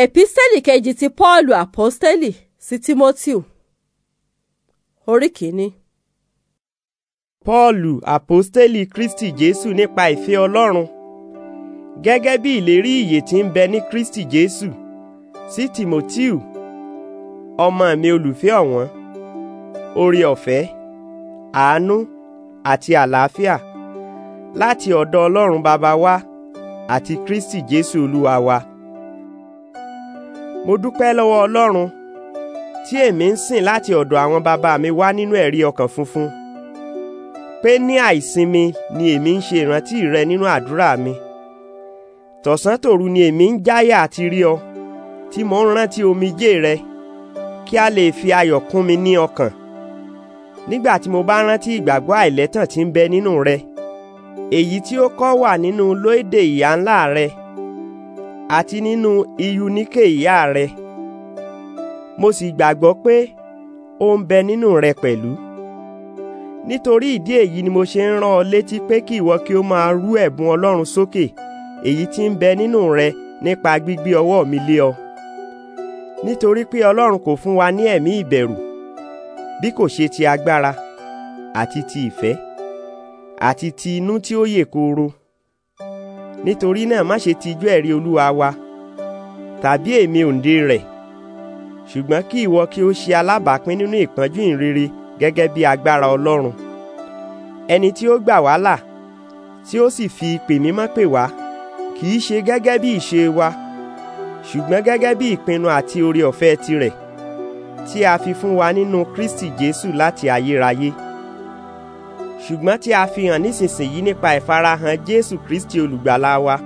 ẹ̀písẹ́lì kejì ti pọ́ọ̀lù àpọ́stẹ́lì sí tímótíù orí kìíní. pọ́ọ̀lù àpọ́stẹ́lì kristi jésù nípa ìfẹ́ ọlọ́run gẹ́gẹ́ bí ìlérí ìyè tí ń bẹ ní kristi jésù sí tímótíù ọmọ mi olùfẹ́ ọ̀wọ́n oore ọ̀fẹ́ àánú àti àlàáfíà láti ọ̀dọ̀ ọlọ́run bàbá wa àti kristi jésù olúwa wa. Wa mo dúpẹ́ lọ́wọ́ ọlọ́run tí èmi ń sìn láti ọ̀dọ̀ àwọn bàbá mi wá nínú ẹ̀rí ọkàn funfun pé ní àìsinmi ni èmi ń ṣe ìrántí rẹ nínú àdúrà mi tọ̀sán tòru ni èmi ń jáyà àti rí ọ tí mò ń rántí omijé rẹ kí a lè fi ayọ̀ kún mi ní ọkàn nígbà tí mo bá rántí ìgbàgbọ́ àìlẹ́tàn tí ń bẹ nínú rẹ èyí tí ó kọ́ wà nínú lóde ìyá ńlá rẹ àti nínú Iyunike ìyá rẹ mo sì gbàgbọ́ pé ó ń bẹ nínú rẹ pẹ̀lú nítorí ìdí èyí ni mo ṣe ń rán ọ létí pé kí ìwọ kí o máa rú ẹ̀bùn Ọlọ́run sókè èyí tí ń bẹ nínú rẹ nípa gbígbé ọwọ́ mi lé ọ nítorí pé Ọlọ́run kò fún wa ní ẹ̀mí ìbẹ̀rù bí kò ṣe ti agbára àti ti ìfẹ́ àti ti inú tí ó yè kooro nítorí náà má ṣe tijú ẹ̀rí olúwa wa tàbí èmi òǹdè rẹ̀ ṣùgbọ́n kí ìwọ kí ó ṣe alábàápín nínú ìpọ́njú ìrere gẹ́gẹ́ bí agbára ọlọ́run ẹni tí ó gbà wá là tí ó sì fi ìpè mímọ́ pè wá kì í ṣe gẹ́gẹ́ bí ìṣe wa ṣùgbọ́n gẹ́gẹ́ bí ìpinnu àti oore ọ̀fẹ́ tirẹ̀ tí a fi fún wa nínú Kristi Jésù láti ayérayé ṣùgbọ́n tí a fi hàn nísinsìnyí nípa ìfarahàn Jésù Kristi olùgbàlà wa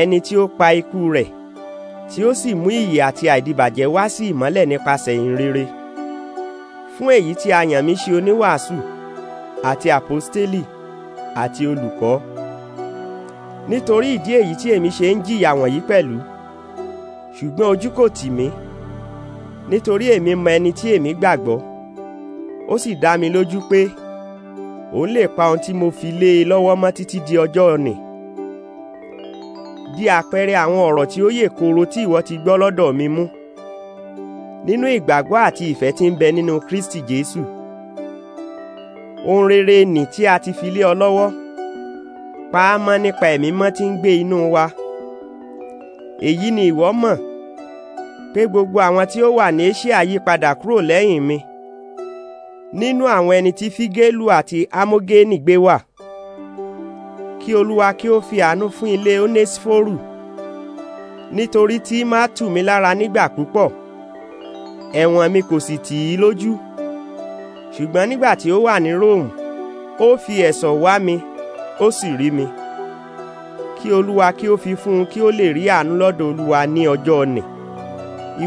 ẹni tí ó pa ikú rẹ̀ tí ó sì mú ìyè àti àìdíbàjẹ́ wá sí ìmọ́lẹ̀ nípasẹ̀ ìhìnrere fún èyí tí a yàn mí ṣe oníwàásù àti àpọ́stélì àti olùkọ́ nítorí ìdí èyí tí èmi ṣe ń jìyà wọ̀nyí pẹ̀lú ṣùgbọ́n ojú kò tì mí nítorí èmi mọ ẹni tí èmi gbàgbọ́ ó sì dá mi lójú pé òun lè pa ohun tí mo fi lé e lọ́wọ́ mọ́ títí di ọjọ́ nì di àpẹẹrẹ àwọn ọ̀rọ̀ tí ó yè kooro tí ìwọ ti gbọ́ lọ́dọ̀ mi mú nínú ìgbàgbọ́ àti ìfẹ́ tí ń bẹ nínú Kristi Jésù ohun rere nì tí a ti fi lé ọ lọ́wọ́ pa á mọ́ nípa ẹ̀mí mọ́ tí ń gbé inú wa èyí ni ìwọ mọ̀ pé gbogbo àwọn tí ó wà ní Éṣíà yí padà kúrò lẹ́yìn mi nínú àwọn ẹni tí fígélù àti amógénì gbé wà kí olúwa kí ó fi àánú fún ilé onésífórù nítorí tí máa tù mí lára nígbà púpọ̀ ẹ̀wọ̀n mi kò sì tì í lójú ṣùgbọ́n nígbà tí ó wà ní Róòmù ó fi ẹ̀sọ̀ wá mi ó sì rí mi kí olúwa kí ó fi fún un kí ó lè rí àánú lọ́dọ̀ olúwa ní ọjọ́ nì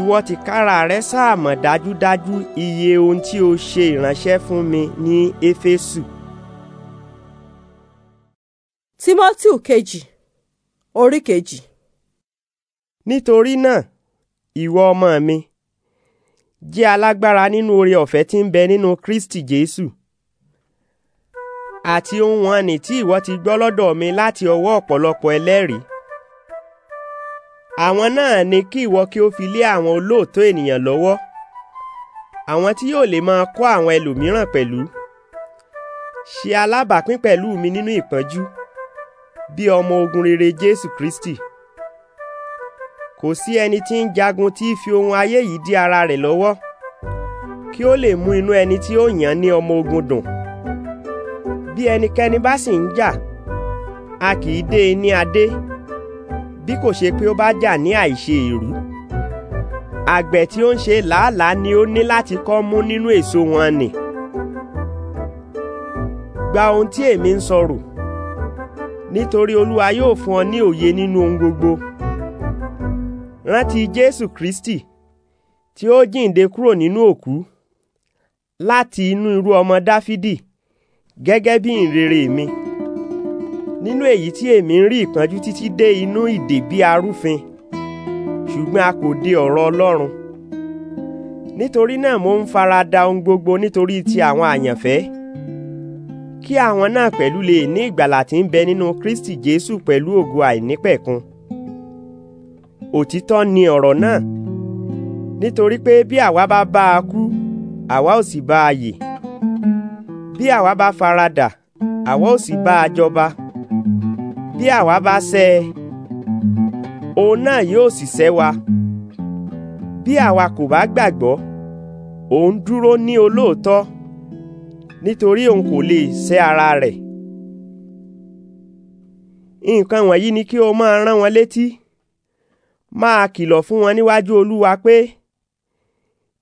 ìwọ tìkára rẹ sáàmọ̀ dájúdájú iye ohun tí o ṣe ìránṣẹ́ fún mi ní éfésù. tímọ́tíù kejì orí kejì. nítorí náà ìwọ ọmọ mi jẹ́ alágbára nínú oore ọ̀fẹ́ tí ń bẹ nínú kristi jésù àti ohun àní tí ìwọ ti gbọ́ lọ́dọ̀ mi láti ọwọ́ ọ̀pọ̀lọpọ̀ ẹlẹ́rìí àwọn náà ni kí ìwọ kí ó fi lé àwọn olóòótọ́ ènìyàn lọ́wọ́ àwọn tí yóò lè máa kọ́ àwọn ẹlòmíràn pẹ̀lú ṣe alábàápín pẹ̀lú mi nínú ìpọ́njú bí ọmọ ogun rere Jésù Kristi kò sí ẹni tí ń jagun tí fi ohun ayé yìí dí ara rẹ̀ lọ́wọ́ kí ó lè mú inú ẹni tí ó yàn ní ọmọ ogun dùn bí ẹnikẹ́ni bá sì ń jà a kì í dé e ní adé bí kò ṣe pé ó bá jà ní àìṣe èrú àgbẹ̀ tí ó ń ṣe làálàá ni ó ní láti kọ́ mú nínú èso wọn nì gba ohun tí èmi ń sọ̀rọ̀ nítorí olúwa yóò fún ọ ní òye nínú ohun gbogbo rántí jésù kristi tí ó jíǹde kúrò nínú òkú láti inú irú ọmọ dáfídì gẹ́gẹ́ bí ìrere mi nínú èyí tí èmi ń rí ìpọ́njú títí dé inú ìdè bí arúfin ṣùgbọ́n a kò de ọ̀rọ̀ Ọlọ́run nítorí náà mo ń farada ohun gbogbo nítorí ti àwọn àyànfẹ́ kí àwọn náà pẹ̀lú lè ní ìgbàlà tí ń bẹ nínú Kristi Jésù pẹ̀lú ògo àìnípẹ̀kun òtítọ́ ni ọ̀rọ̀ náà nítorí pé bí àwa bá bá a kú àwa ò sì bá a yè bí àwa bá farada àwa ò sì bá a jọba bí àwa bá sẹ́ ẹ òun náà yóò sì sẹ́ wa bí àwa kò bá gbàgbọ́ òun dúró ní olóòótọ́ nítorí òun kò lè sẹ́ ara rẹ̀ nǹkan wọ̀nyí ni kí o máa rán wọn létí máa kìlọ̀ fún wọn níwájú Olúwa pé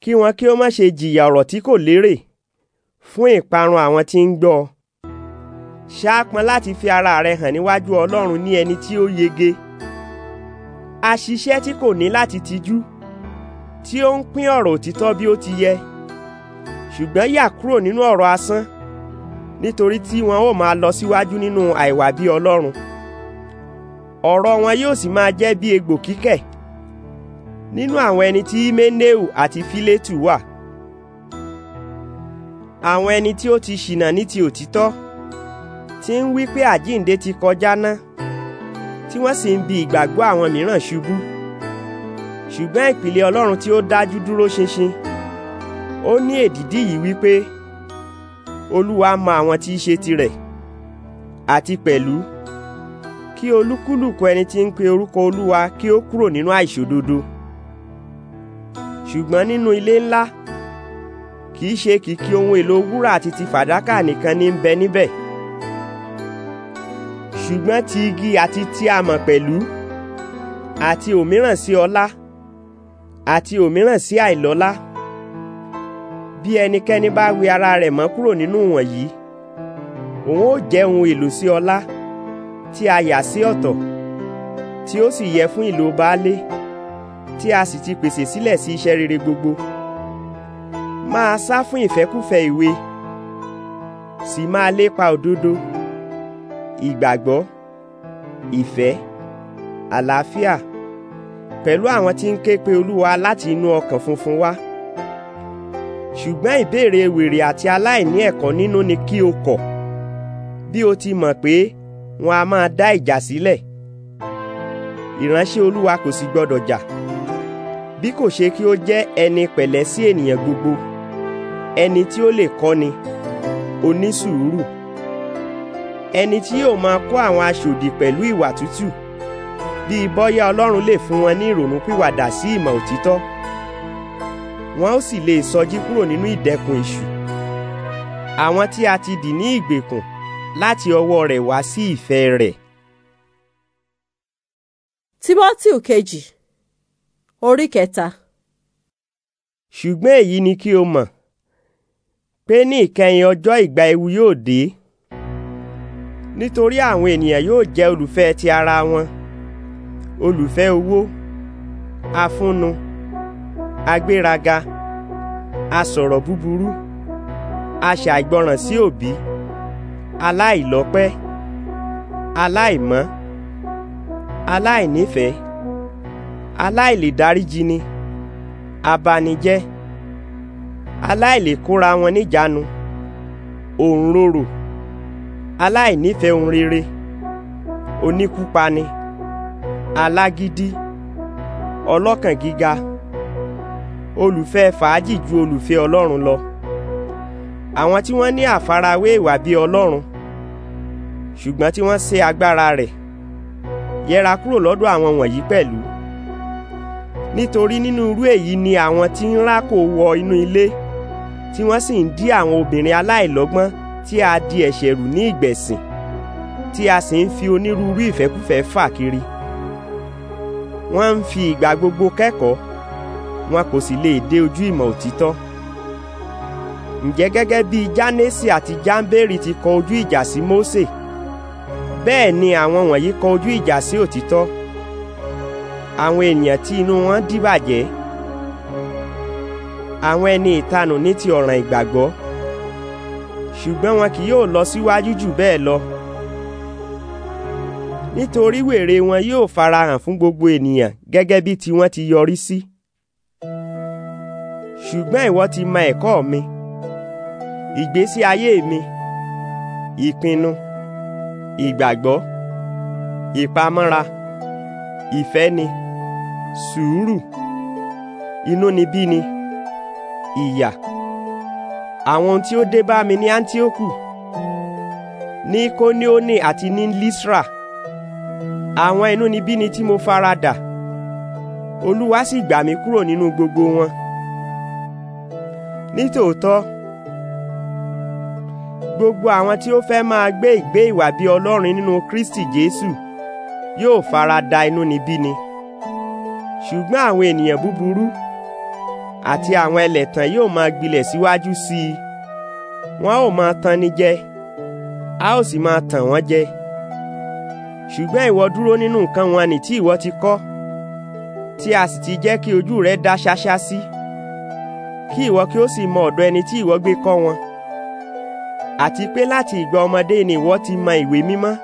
kí wọn kí o má ṣe jìyà ọ̀rọ̀ tí kò lérè fún ìparun àwọn tí ń gbọ́ ọ ṣáá pọn láti fi ara rẹ hàn níwájú Ọlọ́run ní ẹni tí ó yege a ṣiṣẹ́ tí kò ní láti tijú tí ó ń pín ọ̀rọ̀ òtítọ́ bí ó ti yẹ ṣùgbọ́n yà kúrò nínú ọ̀rọ̀ asán nítorí tí wọn ó máa lọ síwájú nínú àìwà bí Ọlọ́run ọ̀rọ̀ wọn yóò sì máa jẹ́ bí egbò kíkẹ̀ nínú àwọn ẹni tí Himeneu àti Filetu wà àwọn ẹni tí ó ti ṣìnà ní ti òtítọ́ tí ń wí pé àjíǹde ti kọjá ná tí wọ́n sì ń bi ìgbàgbọ́ àwọn mìíràn ṣubú ṣùgbọ́n ìpìlẹ̀ Ọlọ́run tí ó dájú dúró ṣinṣin ó ní èdìdí yìí wípé Olúwa mọ àwọn tí í ṣe tirẹ̀ àti pẹ̀lú kí olúkúlùkù ẹni tí ń pe orúkọ Olúwa kí ó kúrò nínú àìṣòdodo ṣùgbọ́n nínú ilé ńlá kì í ṣe kìkì ohun èlò wúrà àti ti fàdákà nìkan ní ń bẹ níbẹ̀ ṣùgbọ́n ti igi àti ti amọ̀ pẹ̀lú àti òmíràn sí ọlá àti òmíràn sí àìlọ́lá bí ẹnikẹ́ni bá wí ara rẹ̀ mọ́ kúrò nínú wọ̀nyí òun ó jẹ́ ohun èlò sí ọlá tí a yà sí ọ̀tọ̀ tí ó sì yẹ fún ìlò baálé tí a sì ti pèsè sílẹ̀ sí iṣẹ́ rere gbogbo máa sá fún ìfẹ́kúfẹ̀ẹ́ ìwé sì máa lépa òdodo ìgbàgbọ́ ìfẹ́ àlàáfíà pẹ̀lú àwọn tí ń ké pe olúwa láti inú ọkàn funfun wá ṣùgbọ́n ìbéèrè wèrè àti aláìní ẹ̀kọ́ nínú ni kí o kọ̀ bí o ti mọ̀ pé wọn a máa dá ìjà sílẹ̀ ìránṣẹ́ olúwa kò sì gbọdọ̀ jà bí kò ṣe kí ó jẹ́ ẹni pẹ̀lẹ́ sí ènìyàn gbogbo ẹni tí ó lè kọ́ni onísùúrù ẹni tí yóò máa kọ́ àwọn aṣòdì pẹ̀lú ìwà tútù bí bọ́yá ọlọ́run lè fún wọn ní ìrònú pìwàdà sí ìmọ̀ òtítọ́ wọn ó sì lè sọjí kúrò nínú ìdẹkùn èṣù àwọn tí a ti dì ní ìgbèkùn láti ọwọ́ rẹ̀ wá sí ìfẹ́ rẹ̀. tímọ́tíù kejì orí kẹta. ṣùgbọ́n èyí ni kí o mọ̀ pé ní ìkẹyìn ọjọ́ ìgbà ewu yóò dé nítorí àwọn ènìyàn yóò jẹ́ olùfẹ́ ti ara wọn olùfẹ́ owó afúnnu agbéraga asọ̀rọ̀ búburú aṣàìgbọràn sí òbí aláìlọ́pẹ́ aláìmọ́ aláìnífẹ̀ẹ́ aláìlèdáríjini abanijẹ́ aláìlèkóra wọn níjánu òǹrorò aláìnífẹ̀ẹ́ ohun rere oníkúpani alágídí ọlọ́kàn gíga olùfẹ́ fàájì ju olùfẹ́ ọlọ́run lọ àwọn tí wọ́n ní àfarawé ìwà bíi ọlọ́run ṣùgbọ́n tí wọ́n ṣe agbára rẹ̀ yẹra kúrò lọ́dọ̀ àwọn wọ̀nyí pẹ̀lú nítorí nínú irú èyí ni àwọn tí ń rákò wọ inú ilé tí wọ́n sì ń dí àwọn obìnrin aláìlọ́gbọ́n tí a di ẹ̀ṣẹ̀ rù ní ìgbẹ̀sìn tí a sì ń fi onírúurú ìfẹ́kúfẹ́ fà kiri wọ́n ń fi ìgbà gbogbo kẹ́kọ̀ọ́ wọn kò sì lè dé ojú ìmọ̀ òtítọ́ ǹjẹ́ gẹ́gẹ́ bí Jánésì àti Jáńbérì ti kọ ojú ìjà sí Mósè bẹ́ẹ̀ ni àwọn wọ̀nyí kọ ojú ìjà sí òtítọ́ àwọn ènìyàn tí inú wọn dìbàjẹ́ àwọn ẹni ìtanù ní ti ọ̀ràn ìgbàgbọ́ ṣùgbọ́n wọn kì yóò lọ síwájú jù bẹ́ẹ̀ lọ nítorí wèrè wọn yóò farahàn fún gbogbo ènìyàn gẹ́gẹ́ bí tiwọn ti yọrí sí ṣùgbọ́n ìwọ ti mọ ẹ̀kọ́ mi ìgbésí ayé mi ìpinnu ìgbàgbọ́ ìpamọ́ra ìfẹ́ni sùúrù inúnibíni ìyà. E àwọn tí ó dé bá mi ní Áńtíókù ní Kóníónì àti ní Lísrà àwọn inúnibíni tí mo faradà Olúwa sì gbà mí kúrò nínú gbogbo wọn nítòótọ́ gbogbo àwọn tí ó fẹ́ máa gbé ìgbé ìwà bí Ọlọ́run nínú Kristi Jésù yóò farada inúnibíni ṣùgbọ́n àwọn ènìyàn búburú àti àwọn ẹlẹ̀tàn yóò máa gbilẹ̀ síwájú sí i wọn ó máa tan ni jẹ a ó sì máa tàn wọ́n jẹ ṣùgbọ́n ìwọ dúró nínú nǹkan wọn nì tí ìwọ ti kọ́ tí a sì ti jẹ́ kí ojú rẹ dá ṣáṣá sí kí ìwọ kí ó sì mọ ọ̀dọ̀ ẹni tí ìwọ gbé kọ́ wọn àti pé láti ìgbà ọmọdé ni ìwọ ti mọ ìwé mímọ́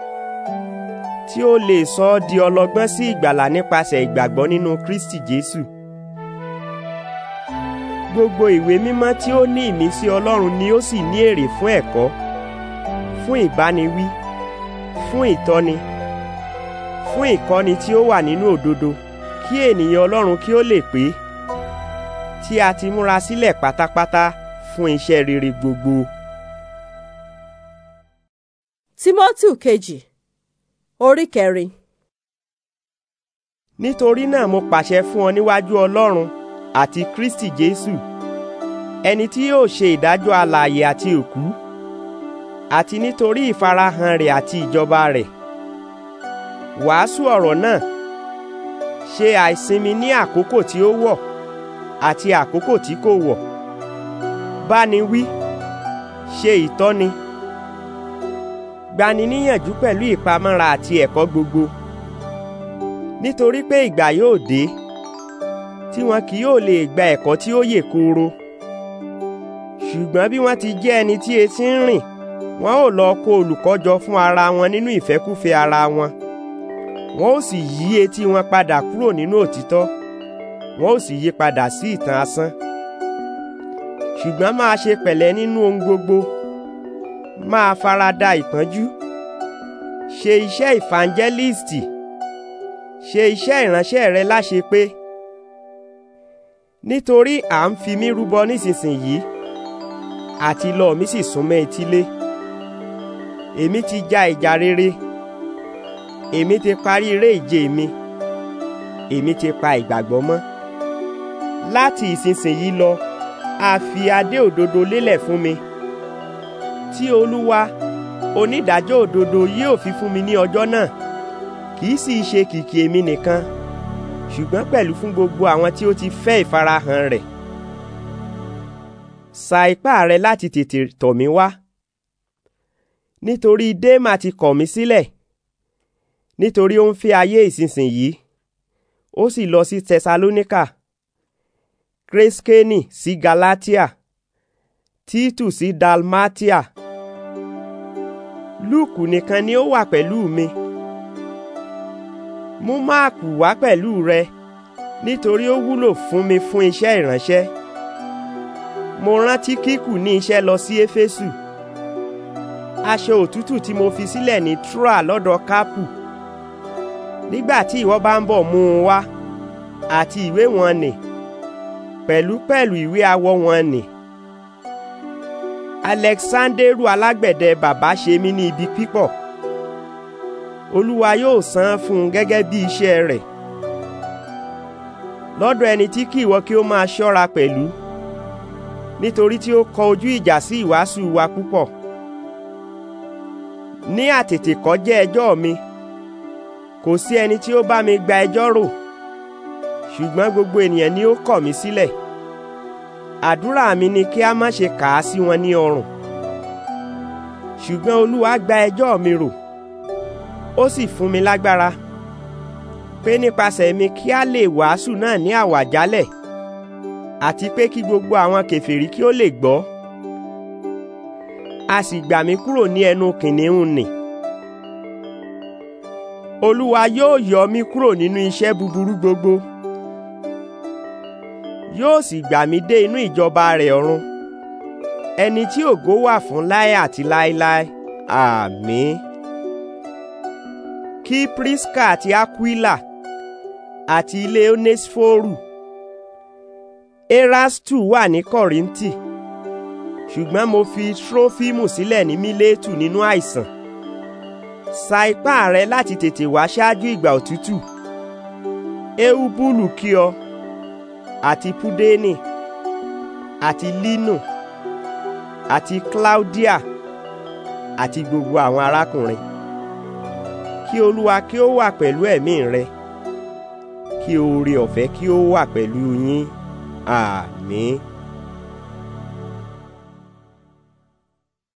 tí ó lè sọ ọ́ di ọlọ́gbọ́n sí ìgbàlà nípasẹ̀ ìgbàgbọ́ nínú Kristi Jésù gbogbo ìwé mímọ́ tí ó ní ìmísí Ọlọ́run ni ó sì ní èrè fún ẹ̀kọ́ fún ìbániwí fún ìtọ́ni fún ìkọ́ni tí ó wà nínú òdodo kí ènìyàn Ọlọ́run kí ó lè pé tí a ti múra sílẹ̀ pátápátá fún iṣẹ́ rere gbogbo. Tímọ́tì kejì orí kẹrin. Nítorí náà mo pàṣẹ fún ọ níwájú Ọlọ́run àti Kristi Jésù ẹni tí yóò ṣe ìdájọ́ alààyè àti òkú àti nítorí ìfarahàn rẹ̀ àti ìjọba rẹ̀ wàásù ọ̀rọ̀ náà ṣe àìsinmi ní àkókò tí ó wọ̀ àti àkókò tí kò wọ̀ báni wí ṣe ìtọ́ni gbani níyànjú pẹ̀lú ìpamọ́ra àti ẹ̀kọ́ gbogbo nítorí pé ìgbà yóò dé tí wọn kì yóò lè gba ẹ̀kọ́ tí ó yè kooro ṣùgbọ́n bí wọ́n ti jẹ́ ẹni tí etí ń rìn wọn ó lọ kó olùkọ́ jọ fún ara wọn nínú ìfẹ́kúfẹ̀ẹ́ ara wọn wọn ó sì yí etí wọn padà kúrò nínú òtítọ́ wọn ó sì yí padà sí ìtàn asán ṣùgbọ́n máa ṣe pẹ̀lẹ́ nínú ohun gbogbo máa farada ìpọ́njú ṣe iṣẹ́ ìfàǹjẹ́lìstì ṣe iṣẹ́ ìránṣẹ́ rẹ láṣepé nítorí à ń fi mí rúbọ nísinsìnyí àti lọ mi sì súnmọ́ etílé èmi ti ja ìjà rere èmi ti parí eré ìje mi èmi ti pa ìgbàgbọ́ mọ́ láti ìsinsìnyí lọ a fi adé òdodo lélẹ̀ fún mi tí olúwa onídàájọ́ òdodo yóò fi fún mi ní ọjọ́ náà kì í sì ṣe kìkì èmi nìkan ṣùgbọ́n pẹ̀lú fún gbogbo àwọn tí ó ti fẹ́ ìfarahàn rẹ̀. Sa ipá rẹ láti tètè tọ̀ mí wá. Nítorí Démà ti kọ̀ mí sílẹ̀. Nítorí ó ń fẹ́ ayé ìsinsìnyí. Ó sì lọ sí Tẹsalóníkà. Kreskeni sí Galatia. Títù sí Dalmatia. Luku nìkan ni ó wà pẹ̀lú mi mú máàkù wá pẹ̀lú rẹ nítorí ó wúlò fún mi fún iṣẹ́ ìránṣẹ́ mo rán Tíkíkù ní iṣẹ́ lọ sí Éfésù aṣọ òtútù tí mo fi sílẹ̀ ní Troa lọ́dọ̀ Kápù nígbà tí ìwọ bá ń bọ̀ mú un wá àti ìwé wọn nì pẹ̀lú pẹ̀lú ìwé awọ wọn nì Alexanderu alágbẹ̀dẹ bàbá ṣe mí ní ibi pípọ̀ olúwa yóò san án fún un gẹ́gẹ́ bí iṣẹ́ rẹ̀ lọ́dọ̀ ẹni tí kì ìwọ kí ó máa ṣọ́ra pẹ̀lú nítorí tí ó kọ ojú ìjà sí ìwàásù wa púpọ̀ ní àtètèkọ́jẹ́ ẹjọ́ mi kò sí ẹni tí ó bá mi gba ẹjọ́ rò ṣùgbọ́n gbogbo ènìyàn ni ó kọ̀ mí sílẹ̀ àdúrà mi ni kí a má ṣe kà á sí wọn ní ọrùn ṣùgbọ́n olúwa gba ẹjọ́ mi rò ó sì fún mi lágbára pé nípasẹ̀ mi kí a lè wàásù náà ní àwàjálẹ̀ àti pé kí gbogbo àwọn kèfèrí kí ó lè gbọ́ a sì gbà mí kúrò ní ẹnu kìnìún nì olúwa yóò yọ mí kúrò nínú iṣẹ́ búburú gbogbo yóò sì gbà mí dé inú ìjọba rẹ̀ ọ̀run ẹni tí ògo wà fún láé àti láéláé àmín. Ah, kí Priska àti Aquila àti ilé Onesforu Erastu wà ní Kọ̀ríntì ṣùgbọ́n mo fi Trofimu sílẹ̀ ní Mílétù nínú àìsàn sa ipá rẹ láti tètè wá ṣáájú ìgbà òtútù Eubulu kí ọ àti Pudeni àti Lino àti Claudia àti gbogbo àwọn arákùnrin kí olúwa kí ó wà pẹ̀lú ẹ̀mí rẹ kí oore ọ̀fẹ́ kí ó wà pẹ̀lú yín àmín. Ah,